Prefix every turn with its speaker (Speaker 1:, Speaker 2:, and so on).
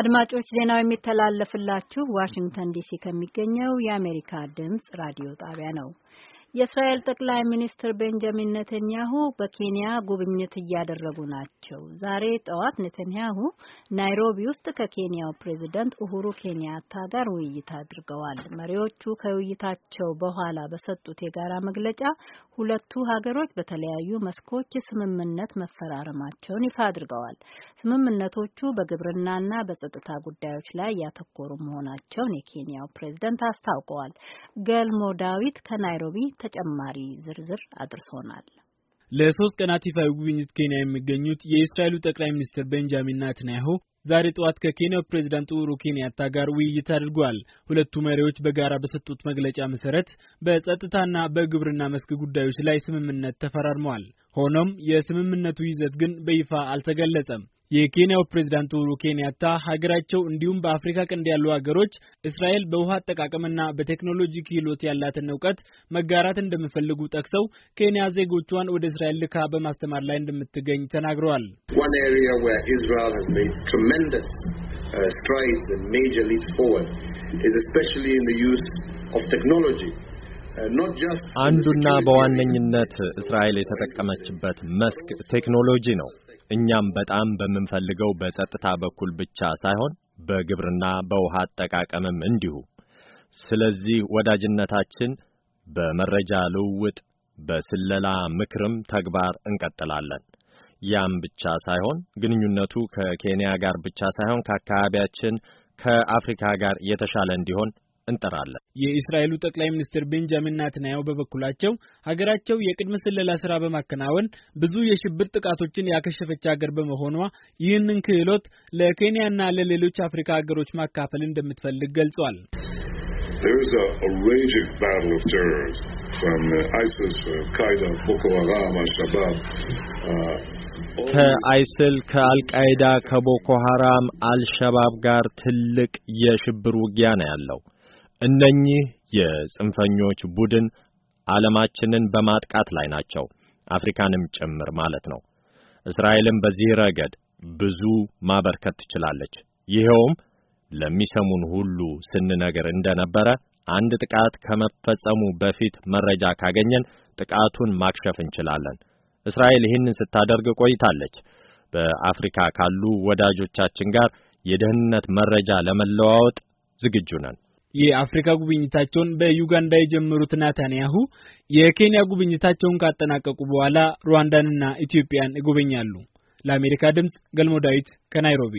Speaker 1: አድማጮች
Speaker 2: ዜናው የሚተላለፍላችሁ ዋሽንግተን ዲሲ ከሚገኘው የአሜሪካ ድምፅ ራዲዮ ጣቢያ ነው። የእስራኤል ጠቅላይ ሚኒስትር ቤንጃሚን ነተንያሁ በኬንያ ጉብኝት እያደረጉ ናቸው። ዛሬ ጠዋት ኔተንያሁ ናይሮቢ ውስጥ ከኬንያው ፕሬዝደንት ኡሁሩ ኬንያታ ጋር ውይይት አድርገዋል። መሪዎቹ ከውይይታቸው በኋላ በሰጡት የጋራ መግለጫ ሁለቱ ሀገሮች በተለያዩ መስኮች ስምምነት መፈራረማቸውን ይፋ አድርገዋል። ስምምነቶቹ በግብርናና በጸጥታ ጉዳዮች ላይ ያተኮሩ መሆናቸውን የኬንያው ፕሬዝደንት አስታውቀዋል። ገልሞ ዳዊት ከናይሮቢ ተጨማሪ ዝርዝር አድርሶናል።
Speaker 3: ለሶስት ቀናት ይፋዊ ጉብኝት ኬንያ የሚገኙት የእስራኤሉ ጠቅላይ ሚኒስትር ቤንጃሚን ናትናያሁ ዛሬ ጠዋት ከኬንያው ፕሬዝዳንት ኡሁሩ ኬንያታ ጋር ውይይት አድርጓል። ሁለቱ መሪዎች በጋራ በሰጡት መግለጫ መሰረት በጸጥታና በግብርና መስክ ጉዳዮች ላይ ስምምነት ተፈራርመዋል። ሆኖም የስምምነቱ ይዘት ግን በይፋ አልተገለጸም። የኬንያው ፕሬዚዳንት ኡሁሩ ኬንያታ ሀገራቸው እንዲሁም በአፍሪካ ቀንድ ያሉ ሀገሮች እስራኤል በውሃ አጠቃቀምና በቴክኖሎጂ ክህሎት ያላትን እውቀት መጋራት እንደሚፈልጉ ጠቅሰው ኬንያ ዜጎቿን ወደ እስራኤል ልካ በማስተማር ላይ እንደምትገኝ ተናግረዋል።
Speaker 1: ስትራይድስ ሜጀር ሊፕስ ፎርወርድ ኢዝ ስፔሻሊ ኢን ዘ ዩዝ ኦፍ ቴክኖሎጂ አንዱና በዋነኝነት እስራኤል የተጠቀመችበት መስክ ቴክኖሎጂ ነው። እኛም በጣም በምንፈልገው በጸጥታ በኩል ብቻ ሳይሆን በግብርና በውሃ አጠቃቀምም እንዲሁ። ስለዚህ ወዳጅነታችን በመረጃ ልውውጥ፣ በስለላ ምክርም ተግባር እንቀጥላለን። ያም ብቻ ሳይሆን ግንኙነቱ ከኬንያ ጋር ብቻ ሳይሆን ከአካባቢያችን ከአፍሪካ ጋር የተሻለ እንዲሆን እንጠራለን። የእስራኤሉ
Speaker 3: ጠቅላይ ሚኒስትር ቤንጃሚን ናትናያሁ በበኩላቸው ሀገራቸው የቅድመ ስለላ ስራ በማከናወን ብዙ የሽብር ጥቃቶችን ያከሸፈች ሀገር በመሆኗ ይህንን ክህሎት ለኬንያና ለሌሎች አፍሪካ ሀገሮች ማካፈል እንደምትፈልግ ገልጿል።
Speaker 2: uh,
Speaker 1: uh, uh, ከአይስል ከአልቃይዳ፣ ከቦኮ ሐራም፣ አልሸባብ ጋር ትልቅ የሽብር ውጊያ ነው ያለው። እነኚህ የጽንፈኞች ቡድን ዓለማችንን በማጥቃት ላይ ናቸው፣ አፍሪካንም ጭምር ማለት ነው። እስራኤልም በዚህ ረገድ ብዙ ማበርከት ትችላለች። ይኸውም ለሚሰሙን ሁሉ ስንነገር እንደነበረ አንድ ጥቃት ከመፈጸሙ በፊት መረጃ ካገኘን ጥቃቱን ማክሸፍ እንችላለን። እስራኤል ይህንን ስታደርግ ቆይታለች። በአፍሪካ ካሉ ወዳጆቻችን ጋር የደህንነት መረጃ ለመለዋወጥ ዝግጁ ነን።
Speaker 3: የአፍሪካ ጉብኝታቸውን በዩጋንዳ የጀመሩት ናታንያሁ የኬንያ ጉብኝታቸውን ካጠናቀቁ በኋላ ሩዋንዳንና ኢትዮጵያን ይጎበኛሉ። ለአሜሪካ ድምፅ ገልሞ ዳዊት ከናይሮቢ